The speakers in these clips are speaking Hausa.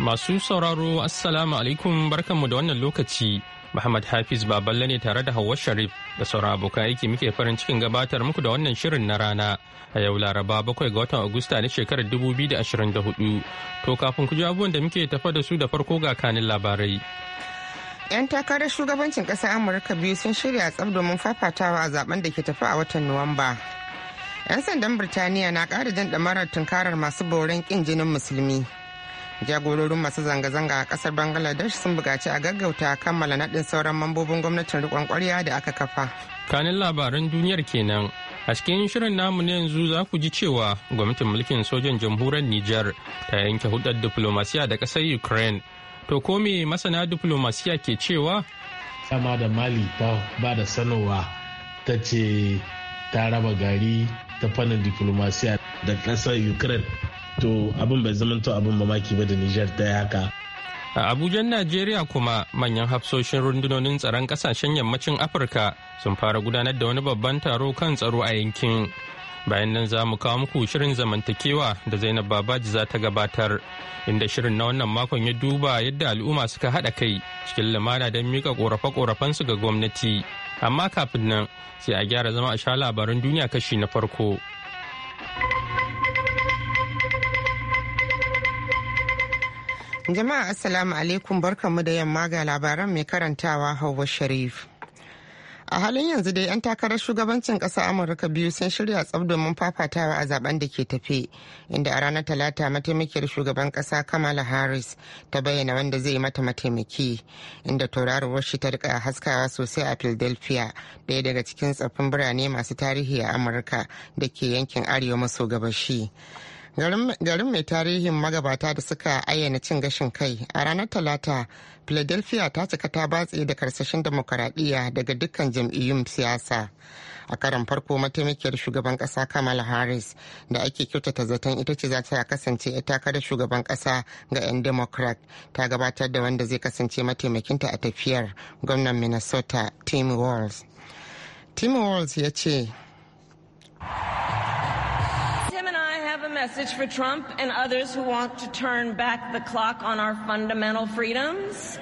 Masu sauraro Assalamu alaikum barkanmu da wannan lokaci. Muhammad Hafiz Baballe ne tare da Hauwa Sharif da sauran abokan aiki muke farin cikin gabatar muku da wannan shirin na rana a yau Laraba bakwai ga watan Agusta na shekarar 2024. To kafin ku ji abubuwan da muke tafa da su da farko ga kanin labarai. 'Yan takarar shugabancin ƙasar Amurka biyu sun shirya tsab domin fafatawa a zaben da ke tafi a watan Nuwamba. 'Yan sandan Birtaniya na ƙara jan ɗamarar tunkarar masu boren ƙin jinin musulmi. jagororin masu zanga-zanga a kasar bangladesh sun bugaci a gaggauta kammala naɗin sauran mambobin gwamnatin rikon kwarya da aka kafa kanin labaran duniyar kenan a cikin shirin namu na yanzu za ku ji cewa gwamnatin mulkin sojan jamhuriyar niger ta yanke hudar diplomasiya da kasar ukraine to ko me masana diplomasiya ke cewa sama da mali ta ba da sanowa ta ce ta raba gari ta fannin diplomasiya da ƙasar ukraine to abin bai zamanto abin mamaki ba da nijar ta haka a Abuja najeriya kuma manyan hafsoshin rundunonin tsaron kasashen yammacin afirka sun fara gudanar da wani babban taro kan tsaro a yankin bayan nan za mu kawo muku shirin zamantakewa da zainab babaji za ta gabatar inda shirin na wannan makon ya duba yadda al'umma suka haɗa kai cikin lumana don mika korafe ƙorafensu ga gwamnati amma kafin nan sai a gyara zama a sha labaran duniya kashi na farko. Jama'a Assalamu alaikum barkanmu da yamma ga labaran mai karantawa Hauwa Sharif. A halin yanzu dai 'yan takarar shugabancin ƙasa Amurka biyu sun shirya tsab domin fafatawa a zaben da ke tafe, inda a ranar Talata mataimakiyar shugaban ƙasa Kamala Harris ta bayyana wanda zai mata mataimaki, inda tauraruwar shi ta rika haskawa sosai a Philadelphia, daya daga cikin tsaffin birane masu tarihi a Amurka da ke yankin arewa maso gabashi. garin mai tarihin magabata da suka ayyana cin gashin kai a ranar talata philadelphia ta cika ta batse da karsashin demokaradiyya daga dukkan jam'iyyun siyasa a karan farko mataimakiyar shugaban kasa kamala harris da ake kyautata zaton ita ce za ta kasance ita takarar shugaban kasa ga 'yan democrat ta gabatar da wanda zai kasance mataimakinta a tafiyar gwamnan minnesota tim walz tim walz ya ce message for Trump and others who want to turn back the clock on our fundamental freedoms.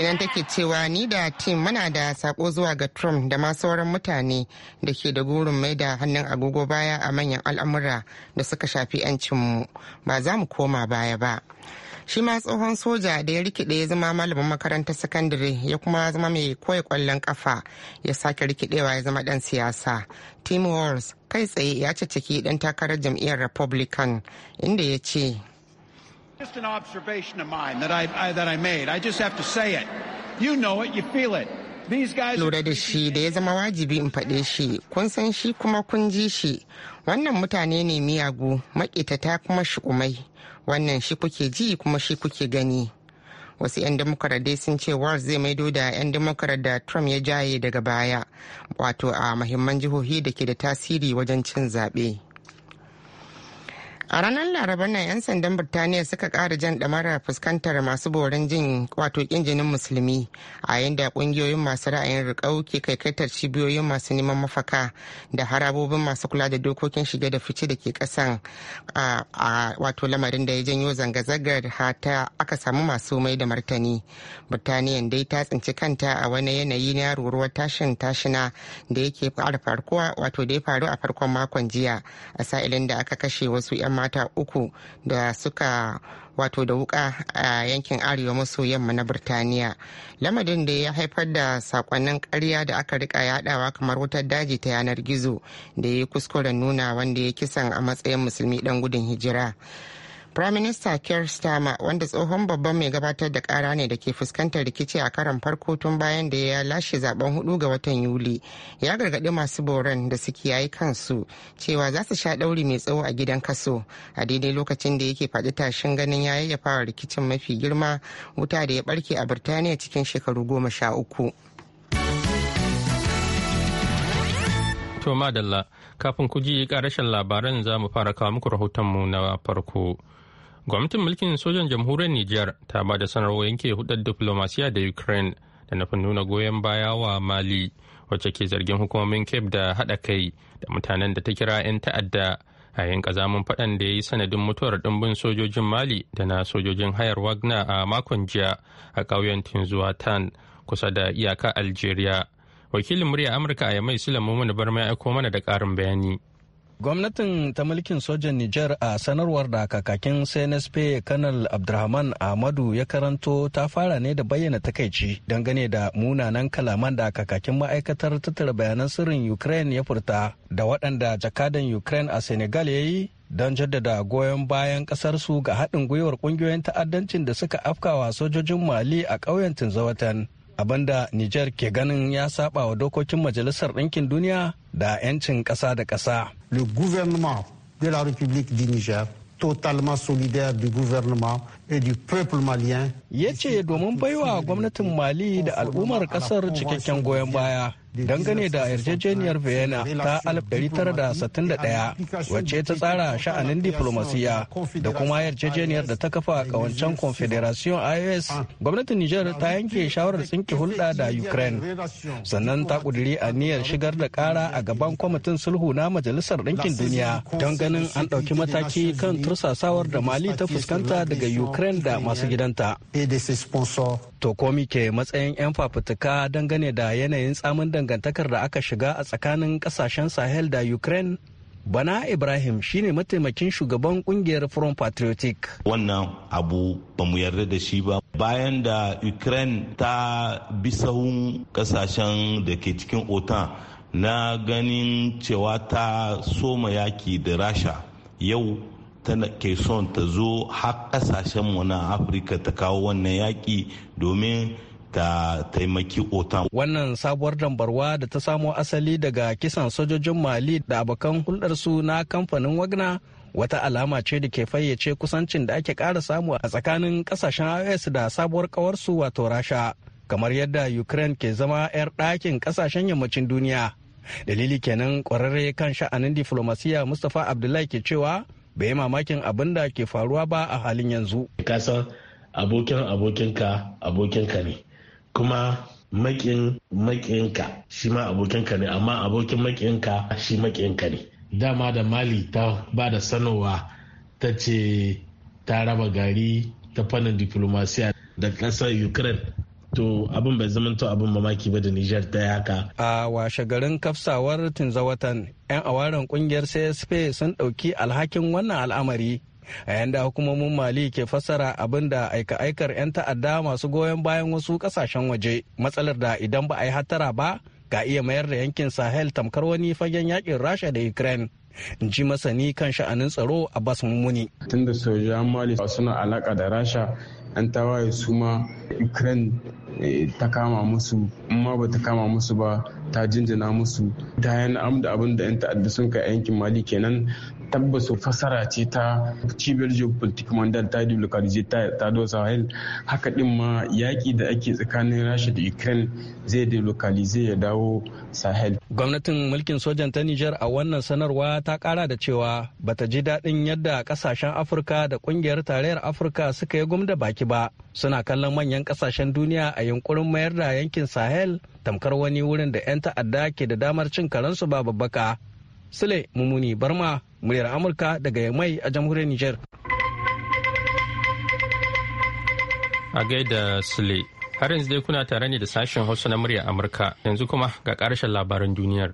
Idan take cewa ni da tim muna da sako zuwa ga Trump da ma sauran mutane da ke da gurin mai da hannun agogo baya a manyan al'amura da suka shafi 'yancinmu ba za mu koma baya ba. shi ma tsohon soja da ya rikide ya zama malamin makarantar sakandare ya kuma zama mai koya kwallon kafa ya sake rikidewa ya zama dan siyasa tim walls kai tsaye ya ciki dan takarar jam'iyyar republican inda ya ce Just an observation of lura da shi da ya zama wajibi in faɗe shi kun san shi kuma kun ji shi wannan mutane ne miyagu makitata kuma shi umai wannan shi kuke ji kuma shi kuke gani wasu 'yan demokrat dai sun ce walz zai maido da 'yan demokrat da trump ya jaye daga baya wato a mahimman jihohi da ke da tasiri wajen cin zaɓe. a ranar laraba na 'yan sandan birtaniya suka kara jan damara fuskantar masu borin jin wato musulmi a yadda kungiyoyin masu ra'ayin rikau ke kaikaitar cibiyoyin masu neman mafaka da harabobin masu kula da dokokin shige da fice da ke kasan a wato lamarin da ya janyo zanga-zangar hata aka samu masu mai da martani birtaniya dai ta tsinci kanta a wani yanayi na ruruwar tashin tashina da yake wato ya faru a farkon makon jiya a sa'ilin da aka kashe wasu 'yan mata uku da suka wato da wuka a yankin arewa maso yamma na birtaniya lamadin da ya haifar da sakonnin karya da aka rika yadawa kamar wutar daji ta yanar gizo da ya yi kuskuren nuna wanda ya kisan a matsayin musulmi dan gudun hijira Prime Minister Keir Starmer wanda tsohon babban mai gabatar da kara ne da ke fuskantar rikici a karan farko tun bayan da ya lashe zaben hudu ga watan Yuli ya gargaɗi masu boran da suke yayi kansu cewa za su sha ɗauri mai tsawo a gidan kaso a daidai lokacin da yake faɗi tashin ganin ya yayyafawa rikicin mafi girma wuta da ya barke a Birtaniya cikin shekaru goma sha uku. To madalla kafin ku ji karashen labaran za mu fara kawo muku rahotonmu na farko. Gwamnatin mulkin sojan jamhuriyar Nijar ta ba da sanarwar yanke hudar diplomasiya da Ukraine da nufin nuna goyon baya wa Mali wacce ke zargin hukumomin Cape da haɗa kai da mutanen da ta kira 'yan ta'adda a yin kazamin faɗan da ya yi sanadin mutuwar ɗimbin sojojin Mali da na sojojin hayar Wagner a makon jiya a ƙauyen Tinzuatan kusa da iyaka Algeria. Wakilin murya Amurka a Yamai Sulaiman Barma ya aiko mana da karin bayani. Gwamnatin ta mulkin sojan Niger a sanarwar da kakakin CNSP Kanal Abdulrahman Ahmadu ya karanto ta fara ne da bayyana takaici dangane da munanan kalaman da kakakin ma'aikatar tattara bayanan sirrin Ukraine ya furta da waɗanda jakadan Ukraine a Senegal ya yi don jaddada goyon bayan ƙasarsu ga haɗin gwiwar ƙungiyoyin ta'addancin da suka afkawa sojojin Mali a ƙauyen Tinzawatan. abinda Nijar ke ganin ya saba wa dokokin Majalisar Ɗinkin Duniya da 'yancin ƙasa da ƙasa. Le gouvernement de la République du Niger totalement solidaire du gouvernement et du peuple malien. Ya ce domin baiwa gwamnatin Mali da al'ummar kasar cikakken goyon baya dangane da yarjejeniyar vienna ta 1961 wacce ta tsara sha'anin diplomasiya da kuma yarjejeniyar da ta kafa kawancen confederation ios gwamnatin niger ta yanke shawarar tsinki hulɗa da ukraine sannan ta a niyyar shigar da kara a gaban kwamitin sulhu na majalisar ɗinkin duniya don ganin an ɗauki mataki kan tursasawar da mali ta fuskanta daga ukraine da masu gidanta to ke matsayin 'yan fafutuka dangane da yanayin tsamin dangantakar da aka shiga a tsakanin kasashen sahel da ukraine bana ibrahim shine mataimakin shugaban kungiyar front patriotic wannan abu ba mu yarda da shi ba bayan da ukraine ta bi sahun kasashen da ke cikin otan na ganin cewa ta soma yaki da rasha yau tana ke son ta zo har kasashen mu na afirka ta kawo wannan yaki domin da taimaki otan wannan sabuwar dambarwa da ta samo asali daga kisan sojojin mali da abokan hulɗarsu na kamfanin wagna wata alama ce da ke fayyace kusancin da ake ƙara samu a tsakanin ƙasashen is da sabuwar ƙawarsu wato rasha kamar yadda ukraine ke zama 'yar ɗakin ƙasashen yammacin duniya dalili kenan ƙwararre kan sha'anin diflomasiya mustapha abdullahi ke cewa bai yi mamakin abin da ke faruwa ba a halin yanzu kasan abokin abokinka abokinka ne kuma makin makinka shi ma abokinka ne amma abokin makinka shi makinka ne dama da mali ta ba da sanowa ta ce ta raba gari ta fannin diplomasiya da ƙasar ukraine to abin bai zama to abin mamaki ba da Niger ta haka a washe garin kafsawar tunzawatan 'yan awaren kungiyar csp sun ɗauki alhakin wannan al'amari a yanda hukumomin mali ke fassara abin da aika-aikar 'yan ta'adda masu goyon bayan wasu kasashen waje matsalar da idan ba a yi hatara ba ga iya mayar da yankin sahel tamkar wani fagen yakin rasha da ukraine in ji masani kan sha'anin tsaro a bas mummuni tunda sojan mali suna alaka da rasha an tawaye su ma ukraine eh, ta kama musu amma ba ta kama musu ba ta jinjina musu ta yana da abin da 'yan ta'adda sun kai yankin mali kenan tabbas fasara ce ta cibiyar geopolitik mandal ta dublokarije ta do sahel haka din ma yaƙi da ake tsakanin rasha da ukraine zai zai ya dawo sahel gwamnatin mulkin sojan ta niger a wannan sanarwa ta kara da cewa bata ji daɗin yadda kasashen afirka da kungiyar tarayyar afirka suka yi gwamna baki ba suna kallon manyan kasashen duniya a yunkurin mayar da yankin sahel tamkar wani wurin da 'yan ta'adda ke da damar cin karansu ba babbaka Sule Mumuni Barma, muryar Amurka daga Yamai a jamhuriyar Nijar. A gaida Sule, har yanzu dai kuna tare ne da sashen Hausa na muryar Amurka, yanzu kuma ga ƙarshen labaran duniyar.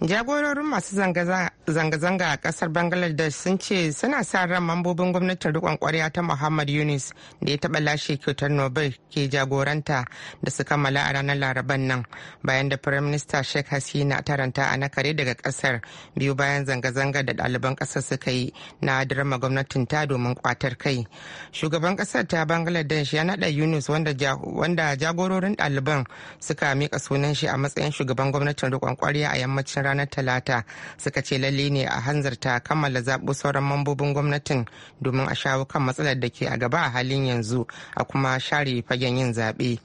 jagororin masu zanga-zanga a kasar bangladesh sun ce suna sa ran mambobin gwamnatin rikon kwarya ta muhammad yunus da ya taɓa lashe kyautar nobel ke jagoranta da su kammala a ranar laraban nan bayan da firayim minista sheikh hasina ta ranta a nakare daga kasar biyu bayan zanga-zanga da ɗaliban kasar suka yi na dirama gwamnatin ta domin kwatar kai shugaban kasar ta bangladesh ya naɗa yunus wanda jagororin ɗaliban suka mika sunan shi a matsayin shugaban gwamnatin rikon kwarya a yammacin ranar talata suka ce lalle ne a hanzarta kammala zaɓo sauran mambobin gwamnatin domin a shawo kan matsalar da ke a gaba a halin yanzu a kuma share fagen yin zaɓe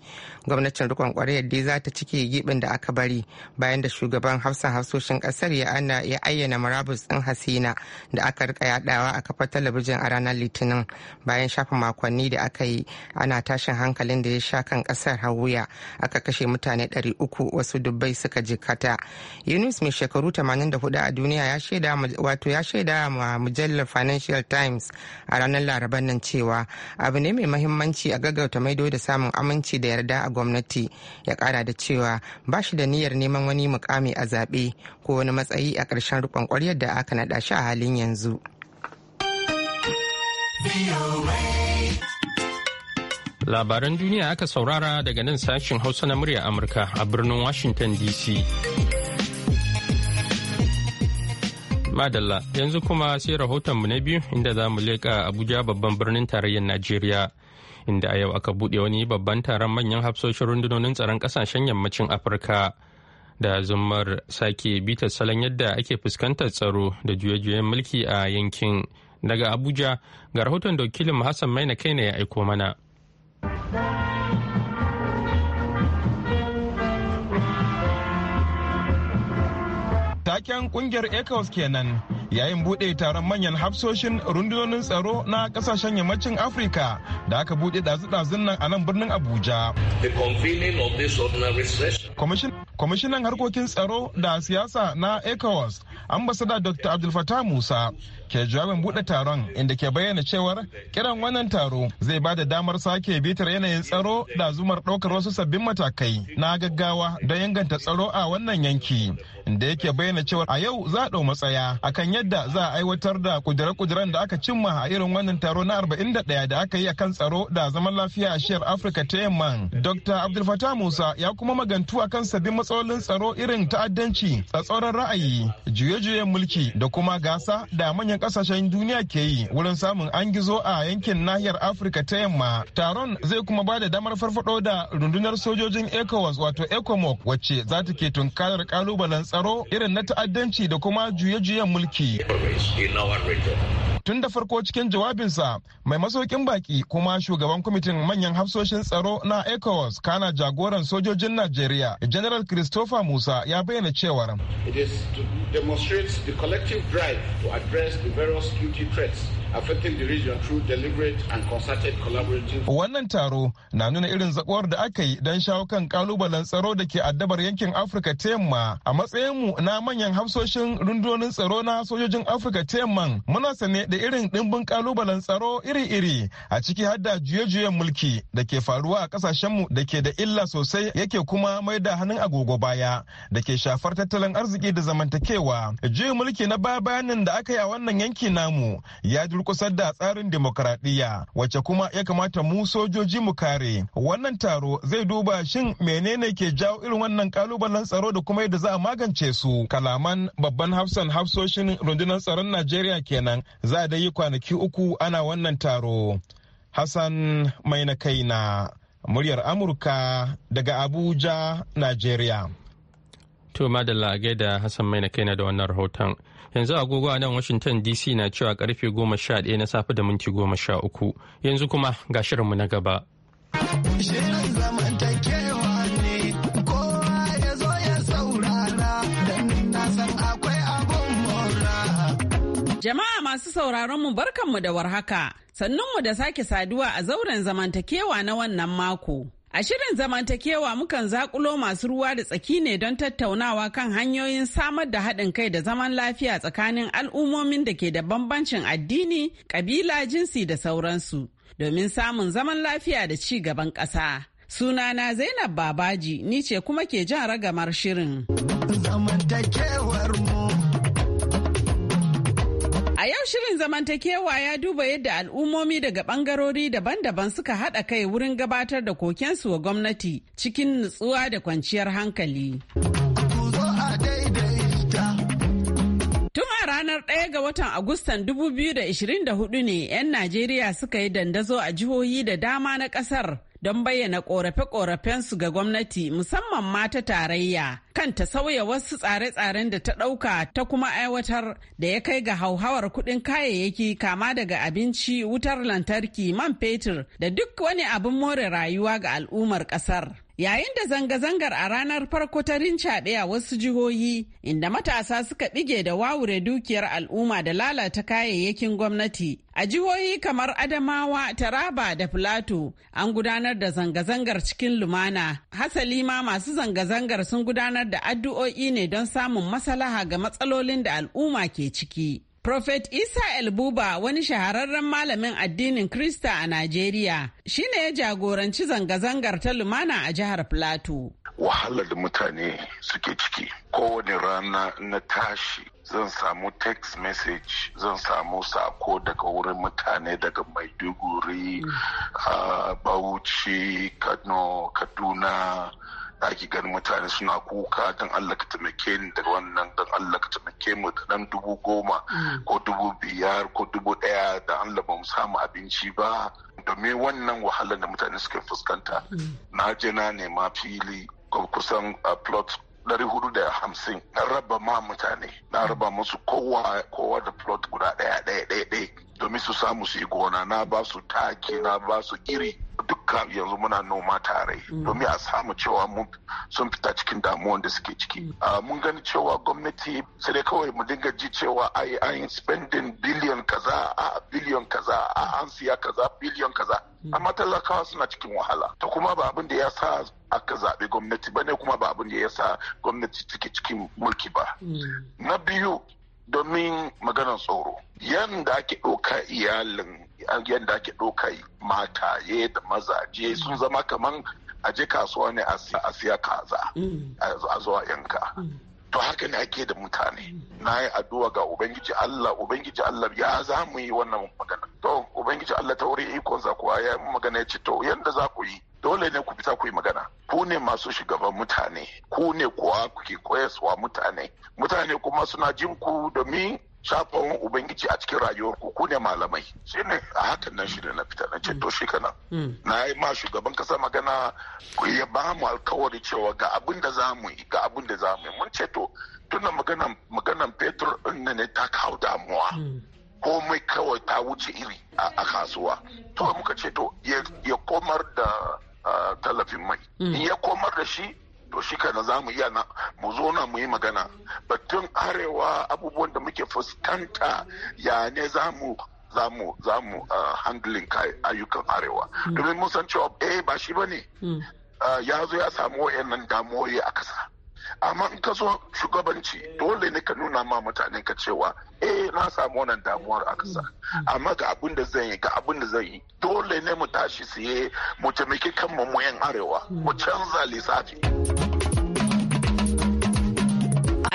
gwamnatin rikon kwarayar dai za ta cike gibin da aka bari bayan da shugaban hafsan hafsoshin ƙasar ya ana ya ayyana marabus din hasina da aka rika yadawa a kafar talabijin a ranar litinin bayan shafa makonni da aka yi ana tashin hankalin da ya sha kan kasar hawuya aka kashe mutane uku wasu dubbai suka jikata yunus mai shekaru hudu a duniya ya shaida wato ya shaida ma mujallar financial times a ranar laraban nan cewa abu ne mai mahimmanci a gaggauta maido da samun aminci da yarda a gwamnati ya kara da cewa ba shi da niyyar neman wani mukami a zaɓe ko wani matsayi a ƙarshen rikon ƙwaryar da aka naɗa shi a halin yanzu. Labaran duniya aka saurara daga nan sashen Hausa na murya Amurka a birnin Washington DC. Madalla yanzu kuma sai rahotonmu na biyu inda za mu leƙa Abuja babban birnin tarayyar Najeriya. inda a yau aka buɗe wani babban taron manyan hafsoshin rundunonin tsaron ƙasashen yammacin afirka da zumar sake bitar salon yadda ake fuskantar tsaro da juye-juyen mulki a yankin daga abuja ga rahoton da wakilin hassan maina kai na ya aiko mana Taken kungiyar ECOWAS kenan yayin bude taron manyan hafsoshin rundunonin tsaro na kasashen yammacin Afirka da aka bude dazu-dazun nan a nan birnin Abuja. Kwamishinan harkokin tsaro da siyasa na ECOWAS, ambasada Dr. abdulfatah Musa ke jawabin bude taron inda ke bayyana cewar kiran wannan taro zai ba da damar sake bitar yanayin tsaro da zumar ɗaukar wasu sabbin matakai na gaggawa don inganta tsaro a wannan yanki inda yake bayyana cewar a yau za a ɗau matsaya akan yadda za a aiwatar da kudire-kudiren da aka cimma a irin wannan taro na arba'in da aka yi akan tsaro da zaman lafiya a shiyar afirka ta yamma dr abdulfatah musa ya kuma magantu akan sabbin matsalolin tsaro irin ta'addanci tsatsauran ra'ayi juye-juyen mulki da kuma gasa da manyan kasashen duniya ke yi wurin samun an gizo a yankin nahiyar afirka ta yamma taron zai kuma ba da damar farfado da rundunar sojojin ecowas wato ecomoc wacce za ta ke tunkarar kalubalen tsaro irin na ta'addanci da kuma juye-juyen mulki tun da farko cikin jawabinsa mai masaukin baki kuma shugaban kwamitin manyan hafsoshin tsaro na ecowas kana jagoran sojojin najeriya general christopher musa ya bayyana cewar it is to demonstrate the collective drive to address the various security threats Wannan taro na nuna irin zakuwar da aka yi don shawo kan kalubalen tsaro da ke addabar yankin Afirka ta yamma a matsayinmu na manyan hafsoshin rundunonin tsaro na sojojin Afirka ta yamma muna sane da irin ɗimbin kalubalen tsaro iri-iri a ciki hadda juye-juyen mulki da ke faruwa a ƙasashenmu da ke da illa sosai yake kuma mai da hannun agogo baya da ke shafar tattalin arziki da zamantakewa. Juyin mulki na baya bayanin da aka yi a wannan yanki namu ya dur durkusar da tsarin demokaradiyya wacce kuma ya kamata mu sojoji mu kare wannan taro zai duba shin menene ke jawo irin wannan kalubalen tsaro da kuma yadda za a magance su kalaman babban hafsan hafsoshin rundunar tsaron najeriya kenan za a yi kwanaki uku ana wannan taro hassan mai na kaina muryar amurka daga abuja najeriya to madalla da hassan mai na kaina da wannan rahoton yanzu agogo a nan washington dc na cewa karfe goma sha ɗaya na safe da minti goma sha uku yanzu kuma ga shirinmu na gaba Jama'a masu sauraron mu barkanmu da warhaka, sannunmu da sake saduwa a zauren zamantakewa na wannan mako. A shirin zamantakewa mukan zakulo masu ruwa da tsaki ne don tattaunawa kan hanyoyin samar da haɗin kai da zaman lafiya tsakanin al'ummomin da ke da bambancin addini, ƙabila, jinsi da sauransu domin samun zaman lafiya da ci gaban ƙasa. Sunana Zainab Babaji, ni ce kuma ke jan ragamar shirin. Zamantakewar A yau shirin zamantakewa ya duba yadda al'ummomi daga bangarori daban-daban suka haɗa kai wurin gabatar da kokensu wa gwamnati cikin nutsuwa da kwanciyar hankali. Tun a ranar ɗaya ga watan Agustan 2024 ne 'yan Najeriya suka yi dandazo a jihohi da dama na ƙasar. don bayyana korafe-korafensu ga gwamnati musamman ma ta tarayya kan ta sauya wasu tsare-tsaren da ta ɗauka ta kuma aiwatar da ya kai ga hauhawar kuɗin kayayyaki kama daga abinci wutar lantarki man fetur da duk wani abin more rayuwa ga al'ummar ƙasar. Yayin da zanga-zangar a ranar farko ta rincaɗe a wasu jihohi inda matasa suka ɓige da wawure dukiyar al'umma da lalata kayayyakin gwamnati. A jihohi kamar Adamawa, Taraba da Filato an gudanar da zanga-zangar cikin lumana. Hasali ma masu zanga-zangar sun gudanar da addu'o'i ne don samun masalaha ga matsalolin da al'umma ke ciki. Prophet Isa Elbuba wani shahararren malamin addinin Krista a Najeriya shi ne ya jagoranci zanga-zangar ta lumana a jihar Plateau. Wahalar da mutane suke ciki kowane rana na tashi zan samu text message zan samu sako daga wurin mutane daga maiduguri mm. bauchi kano kaduna da ake ganin mutane suna kuka don Allah ka taimake ni daga wannan don Allah ka taimake mu da dan dubu goma mm. ko dubu biyar ko dubu ɗaya da Allah ba mu samu abinci ba domin wannan wahalar da mutane suke fuskanta mm. na je na nema fili kusan a plot dari hudu da hamsin na raba ma mutane na mm. raba musu kowa da plot guda ɗaya ɗaya ɗaya domin su samu su yi gona na ba su taki na ba su iri dukka yanzu muna noma tare mm. domin a samu cewa sun fita cikin damuwan da suke ciki mm. ah, mun gani cewa gwamnati sai dai kawai mu dinga ji cewa ai an spending billion kaza a billion kaza a an siya kaza billion kaza mm. amma talakawa suna cikin wahala ta kuma ba abin da ya sa aka zaɓi gwamnati ba ne kuma ba abin da ya sa gwamnati take cikin mulki ba na biyu domin maganar tsoro yadda ake ɗauka iyalin yadda ake ɗauka mataye da mazaje sun zama kamar a je kasuwa ne a siya kaza mm. a zuwa yanka mm. to haka ne ake da mutane mm. na yi addu'a ga ubangiji Allah ubangiji Allah ya za mu yi wannan magana to ubangiji Allah ta wuri ikonsa kuwa ya magana ya ce to yadda za ku yi dole ne ku fita ku yi magana ku ne masu shugaban mutane ku ne kuwa kuke koyaswa mutane mutane kuma suna jin ku domin shafin ubangiji a cikin rayuwar ku ne malamai shi ne a hakan nan shi na fita na ceto shi kana hmm. na yi ma shugaban kasa magana ku ya ba mu alkawari cewa ga abin da za mu yi ga abin da za mu yi mun ceto tunda maganan maganan fetur ne ne ta kawo damuwa hmm. komai kawai ta wuce iri a kasuwa to muka ce ya komar da tallafin mai mm. in ya komar da shi to shi kana za mu iya mu zo na mu yi magana batun arewa abubuwan da muke fuskanta ya ne za mu zamu zamu handling kai ayyukan arewa mm. domin mun san cewa eh ba shi bane mm. ya zo ya samu wayannan damuwoyi a kasa amma in ka zo shugabanci dole ne ka nuna ma mutane ka cewa eh na samu wannan damuwar a kasa amma ga abin da zan yi ga abin da zan yi dole ne mu tashi siye mu taimaki kanmu mu yan arewa mu canza lissafi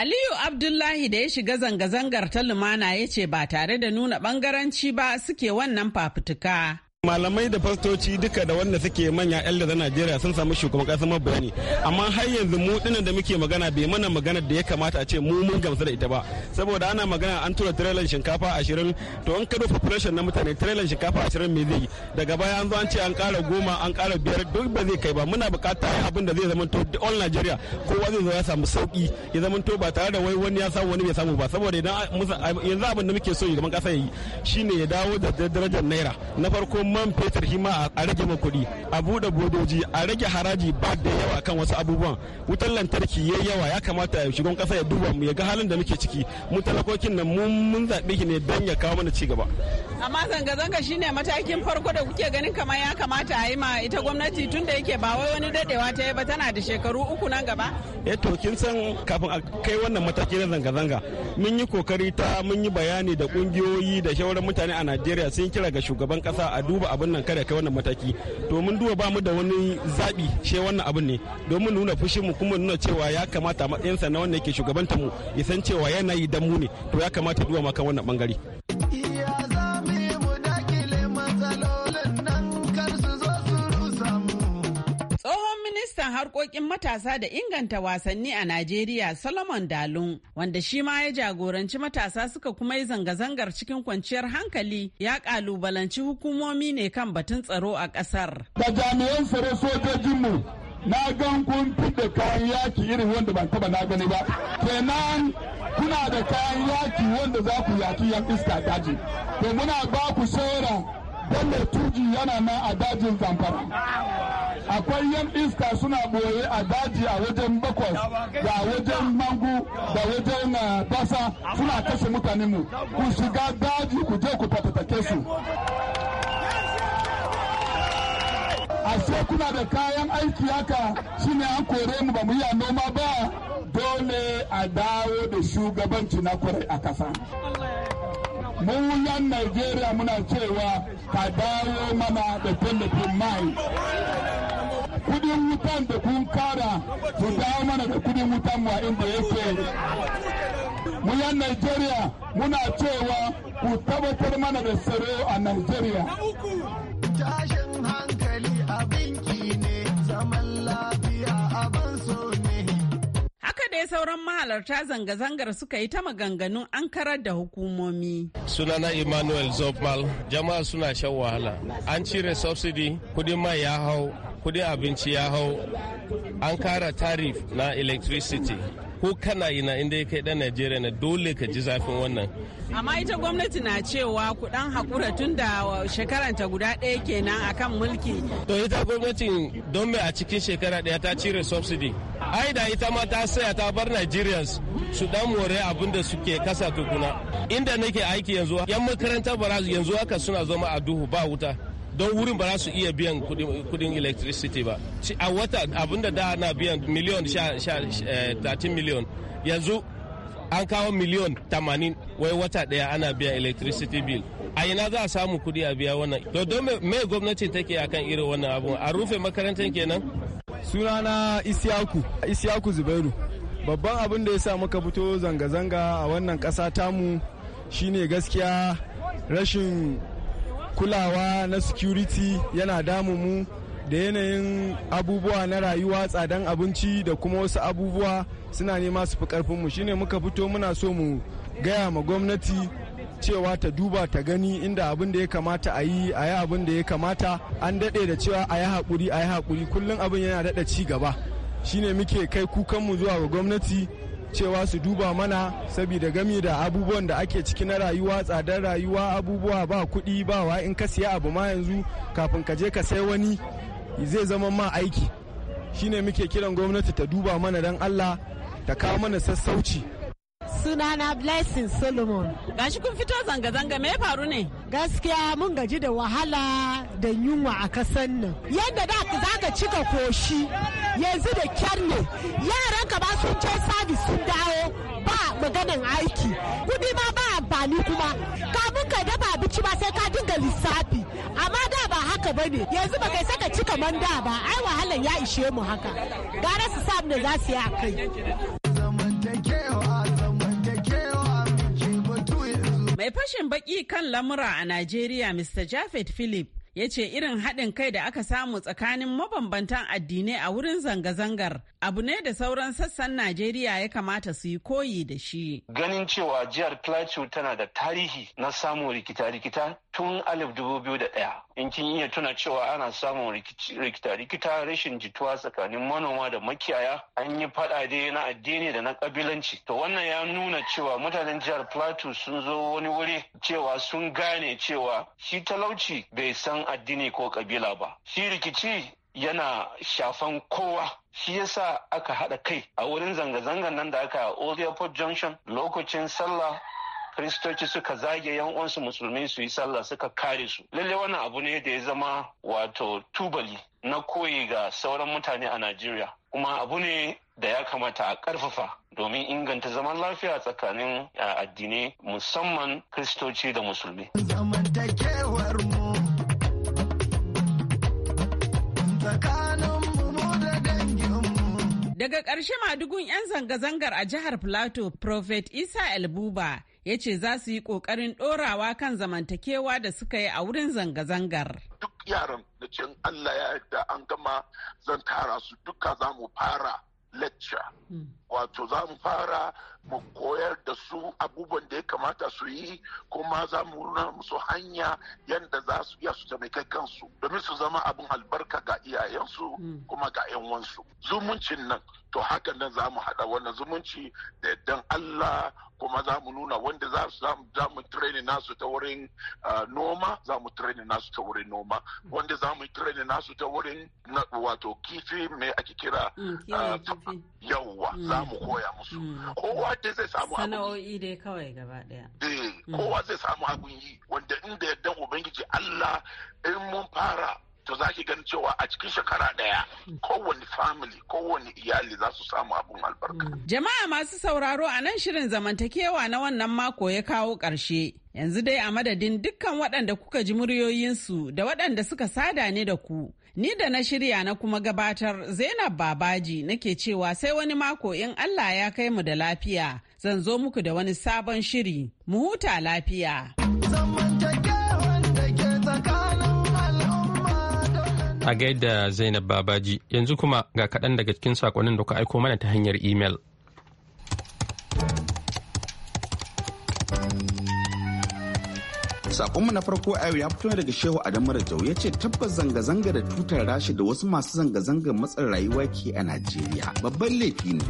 Aliyu Abdullahi da ya shiga zanga-zangar ta lumana ya ce ba tare da nuna bangaranci ba suke wannan fafutuka. malamai da fastoci duka da wanda suke manya yan da najeriya sun samu shugaban kasa ma bayani amma har yanzu mu dinan da muke magana bai mana magana da ya kamata a ce mu mun gamsu da ita ba saboda ana magana an tura trailer shinkafa ashirin to an kado population na mutane trailer shinkafa ashirin me zai daga baya an zo an ce an kara goma an kara biyar duk ba zai kai ba muna bukata abin da zai zama to all najeriya kowa zai zo ya samu sauki ya zama to ba tare da wai wani ya samu wani bai samu ba saboda idan yanzu abin da muke so shugaban kasa ya yi shine ya dawo da darajar naira na farko man fetur hima a rage ma kuɗi a buɗe bodoji a rage haraji ba da yawa kan wasu abubuwan wutar lantarki ya yawa ya kamata ya shugaban ƙasa ya duba mu ya ga halin da muke ciki mu talakokin nan mun zaɓe ki ne don ya kawo mana cigaba. amma zanga-zanga shine matakin farko da kuke ganin kamar ya kamata a yi ma ita gwamnati tun da yake ba wai wani dadewa ta yi ba tana da shekaru uku nan gaba. eh to kin san kafin a kai wannan mataki na zanga-zanga mun yi kokari ta mun yi bayani da kungiyoyi da shawarar mutane a najeriya sun kira ga shugaban kasa a duba duba abin nan kada kai wannan mataki to mun duba ba mu da wani zabi ce wannan abin ne domin nuna fushin mu kuma nuna cewa ya kamata matsayinsa na wanda yake shugabantar mu ya san cewa yana yi dan mu ne to ya kamata duba ma kan wannan bangare ministan harkokin matasa da inganta wasanni a Najeriya Solomon Dalun, wanda shi ma ya jagoranci matasa suka kuma yi zanga-zangar cikin kwanciyar hankali ya kalubalanci hukumomi ne kan batun tsaro a ƙasar. Da jami'an tsaro sojojinmu na gan kun da kayan yaki irin wanda ban taba na gani ba. Kenan kuna da kayan yaki wanda za ku yaki yan iska daji. To muna ba ku shaira Bello Tuji yana nan a dajin Zamfara. akwai yan iska suna boye a daji a wajen bakwas da wajen mangu da wajen eh, basa suna kashe mu ku shiga daji ku je ku fatattake su ashe kuna da kayan aiki haka shine an kore mu ba mu yi noma ba dole a dawo da shugabanci na kwarai a kasa mu yan Najeriya muna cewa ka dawo mana da tallafin mai kudin wutan da kun kara ku dawo mana da kudin wutan mu a inda yake mu yan Najeriya muna cewa ku tabbatar mana da tsaro a Najeriya. sauran mahalarta zanga-zangar suka yi ta maganganun an karar da hukumomi. Sunana Emmanuel Zobal, jama'a suna shan wahala. An cire subsidy, kudin mai ya hau, kudin abinci ya hau, an kara tarif na electricity. ko kana ina inda kai dan Najeriya na dole ka ji zafin wannan. Amma ita gwamnati na cewa ku hakura tun da ta guda ɗaya kenan akan mulki. To ita gwamnati don me a cikin shekara ɗaya ta cire subsidy. Ai da ita ma ta saya ta bar Nigerians su dan more abinda da suke kasa tukuna. Inda nake aiki yanzu yan makarantar bara yanzu haka suna zama a duhu ba wuta. don wurin ba za su iya biyan kudin electricity ba a wata abinda da na biyan miliyan 13 miliyan yanzu an kawo miliyan 80 wai wata daya ana biya electricity bill a ina za a samu kudi a biya wannan to don me gwamnati take akan irin wannan abu a rufe makarantar kenan sunana isiyaku isiyaku zubairu babban abin da ya sa muka fito zanga-zanga a wannan kasa tamu shine gaskiya rashin kulawa na security yana damu mu da yanayin abubuwa na rayuwa tsadan abinci da kuma wasu abubuwa suna nema su fi karfinmu shine muka fito muna so mu gaya ma gwamnati cewa ta duba ta gani inda abin da ya kamata a yi a yi abin da ya kamata an daɗe da cewa a yi haƙuri a yi haƙuri kullum abin yana daɗa ci gaba shine muke kai kukanmu zuwa ga gwamnati cewa su duba mana saboda gami da abubuwan da ake ciki na rayuwa tsadar rayuwa abubuwa ba kuɗi ba wa in ka siya abu ma yanzu kafin ka je ka sai wani zai zama ma aiki shine muke kiran gwamnati ta duba mana dan allah ta kawo mana sassauci sunana blessing solomon gashi kun fito zanga-zanga me faru ne gaskiya mun gaji da wahala da yunwa a kasan nan yadda da za ka cika koshi yanzu da kyar ne yaran ka ba sun ce sabis sun dawo ba maganin aiki kudi ma ba amfani kuma kafin ka dafa abinci ba sai ka dinga lissafi amma da ba haka ba ne yanzu ba kai saka cika man da ba ai wahalan ya ishe mu haka gara su sa da za su yi a kai Mai fashin baki kan lamura a Najeriya Mr. Jafet Philip ya ce irin haɗin kai da aka samu tsakanin mabambantan addinai a wurin zanga-zangar abu ne da sauran sassan najeriya ya kamata su yi koyi da shi ganin cewa jihar plateau tana da tarihi na samun rikita-rikita tun alif dubu biyu da 2001 in kin iya tuna cewa ana samun rikita-rikita rashin jituwa tsakanin manoma da makiyaya an yi faɗaɗe na addini da na kabilanci, to wannan ya nuna cewa mutanen jihar plateau sun zo wani wuri cewa sun gane cewa shi talauci bai san addini ko kabila ba shi rikici yana shafan kowa shi yasa aka haɗa kai a wurin zanga-zangan nan da aka yi a old airport junction lokacin sallah kiristoci suka zage yan uwansu musulmi su yi sallah suka kare su lalle wannan abu ne da ya zama wato tubali na koyi ga sauran mutane a najeriya kuma abu ne da ya kamata a ƙarfafa domin inganta zaman lafiya tsakanin eh, addinai musamman kiristoci, da musulmi. Daga ƙarshe madugun 'yan zanga-zangar a jihar Plateau, Prophet Isa Elbuba ya ce za su yi ƙoƙarin ɗorawa kan zamantakewa da suka yi a wurin zanga-zangar. Duk yaran da cin Allah ya yarda an gama zan tara su duka za mu fara lecture hmm. wato za mu fara mu koyar da su abubuwan da ya kamata su yi kuma za mu nuna musu hanya yadda za su iya su taimakai kansu domin su zama abin albarka ga iyayensu hmm. kuma ga 'yan zumuncin nan to hakan nan za mu haɗa wannan zumunci da dan Allah kuma za mu nuna wanda za mu training nasu ta wurin ah, noma za mu training nasu ta wurin noma mm. wanda za mu training nasu ta wurin wato kifi mai ake kira mm, ah, yawwa mm. za mu koya musu kowa da zai samu sana'o'i dai kawai gaba daya eh, kowa zai samu abun yi wanda inda yadda ubangiji Allah in mun fara to za ki gan cewa a cikin shekara daya kowanne family kowane iyali za su samu abun albarka. Mm. Jama'a masu sauraro a nan shirin zamantakewa na wannan mako ya kawo ƙarshe. Yanzu dai a madadin dukkan waɗanda kuka ji muryoyinsu da waɗanda suka sada ne da ku. Ni da na shirya na kuma gabatar Zainab Babaji nake cewa sai wani mako in Allah ya kai mu da lafiya zan zo muku da wani sabon shiri. Mu huta lafiya. A gaida Zainab Babaji yanzu kuma ga kaɗan daga cikin saƙonin da ku aiko mana ta hanyar imel. Sakonmu na farko a yau ya fito daga Shehu Adamu Rajau ya ce tabbas zanga-zanga da tutar rashi da wasu masu zanga-zangar matsin rayuwa ke a Najeriya babban laifi ne.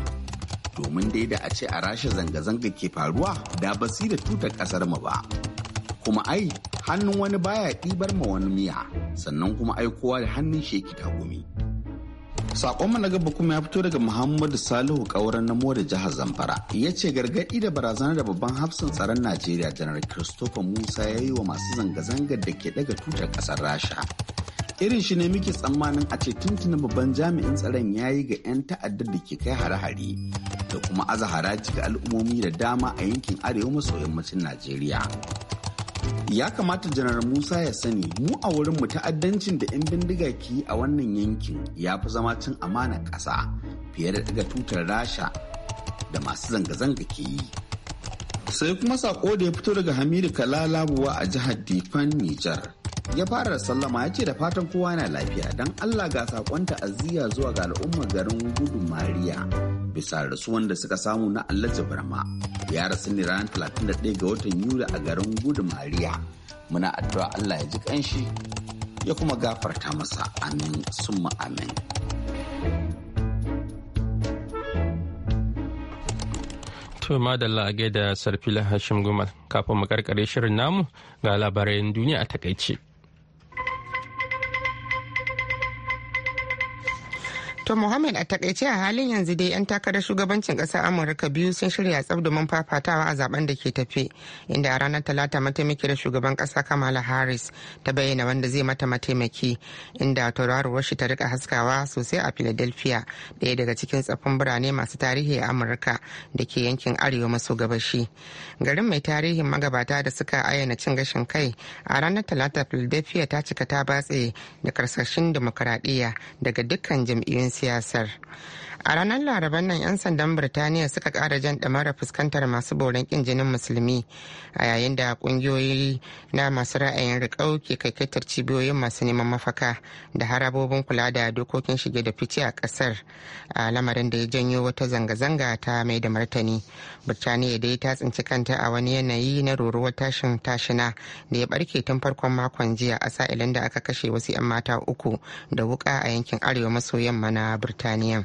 Domin dai da a ce a rasha zanga-zanga ke faruwa da basi da tutar kasar mu ba. Kuma ai hannun wani baya ɗibar ma wani miya sannan kuma aikowa da hannun sheki gumi. Sakonmu na gaba kuma ya fito daga Muhammadu Salihu Kauran na da jihar Zamfara. Ya ce gargaɗi da barazanar da babban hafsan tsaron Najeriya janar Christopher Musa ya yi wa masu zanga-zangar da ke daga tutar ƙasar Rasha. Irin shi ne muke tsammanin a ce tuntuni babban jami'in tsaron ya yi ga 'yan ta'addar da ke kai hare-hare da kuma aza haraji ga al'ummomi da dama a yankin arewa maso yammacin Najeriya. ya kamata janar musa ya sani mu a wurin mu ta'addancin da 'yan bindiga yi a wannan yankin ya fi zama cin amana ƙasa fiye da daga tutar rasha da masu zanga-zanga ke yi sai kuma sako da ya fito daga hamidu kalalabuwa a jihar difan nijar ya fara sallama ya ce da fatan kowa na lafiya don Allah ga sakon ta'aziyya zuwa ga al'ummar garin gudun Mariya bisa rasuwan da suka samu na Allah Jabarma ya rasu ne ranar 31 ga watan Yuli a garin gudun Mariya muna addu'a Allah ya ji kanshi ya kuma gafarta masa amin summa amin to madalla a gaida sarfila hashim gumal kafin mu karkare shirin namu ga labaran duniya a takaice. To Mohammed a takaice a halin yanzu dai 'yan takarar shugabancin ƙasar Amurka biyu sun shirya tsab fafatawa a zaben da ke tafe inda a ranar Talata mataimakiyar shugaban ƙasa Kamala Harris ta bayyana wanda zai mata mataimaki inda tauraruwar shi ta rika haskawa sosai a Philadelphia daya daga cikin tsafin birane masu tarihi a Amurka da ke yankin arewa maso gabashi. Garin mai tarihin magabata da suka ayyana cin gashin kai a ranar Talata Philadelphia ta cika ta batse da karsashin demokradiyya daga dukkan jam'iyyun siyasar a ranar laraban nan 'yan sandan birtaniya suka kara jan damara fuskantar masu boran kin jinin musulmi a yayin da kungiyoyi na masu ra'ayin riƙau ke kaikaitar cibiyoyin masu neman mafaka da harabobin kula da dokokin shige da fice a kasar a lamarin da ya janyo wata zanga-zanga ta mai da martani birtaniya dai ta tsinci kanta a wani yanayi na roruwar tashin tashina da ya barke tun farkon makon jiya a sa'ilin da aka kashe wasu 'yan mata uku da wuka a yankin arewa maso yamma na birtaniya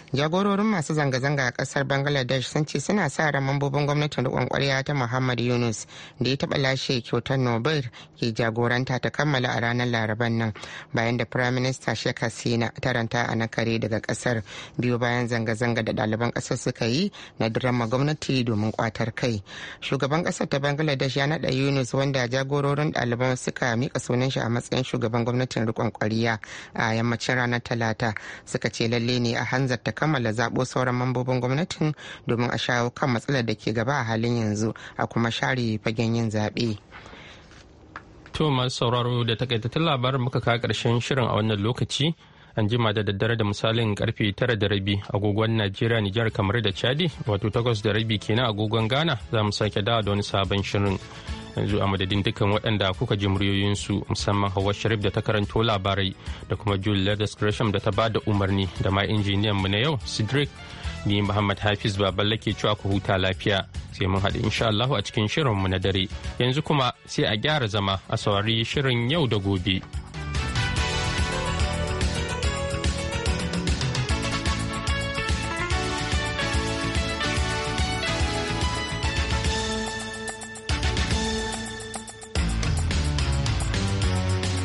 jagororin masu zanga-zanga a kasar bangladesh sun ce suna sa ran mambobin gwamnatin rikon kwarya ta muhammad yunus da ya taɓa lashe kyautar nobel ke jagoranta ta kammala a ranar laraban nan bayan da prime minister sheikh hasina taranta a nakare daga kasar biyu bayan zanga-zanga da ɗaliban ƙasar suka yi na drama gwamnati domin kwatar kai shugaban ƙasar ta bangladesh ya naɗa yunus wanda jagororin ɗaliban suka mika sunan shi a matsayin shugaban gwamnatin rikon kwarya a yammacin ranar talata suka ce lalle ne a hanzarta kammala zaɓo sauran mambobin gwamnatin domin a shawo kan matsalar da ke gaba a halin yanzu a kuma share fagen yin zaɓe. To masu sauraro da takaitattun labar muka kawo ƙarshen shirin a wannan lokaci an jima da daddare da misalin karfe tara da rabi agogon Najeriya Nijar kamar da Chadi wato takwas da rabi kenan agogon Ghana za mu sake dawa da wani sabon shirin. yanzu a madadin dukkan waɗanda kuka ji muryoyinsu musamman hawa sharif da ta karanto labarai da kuma julia discretion da ta ba da umarni da ma injiniyan mu na yau cedric ni muhammad hafiz baballe ke cewa ku huta lafiya sai mun haɗu insha allahu a cikin shirin mu na dare yanzu kuma sai a gyara zama a saurari shirin yau da gobe.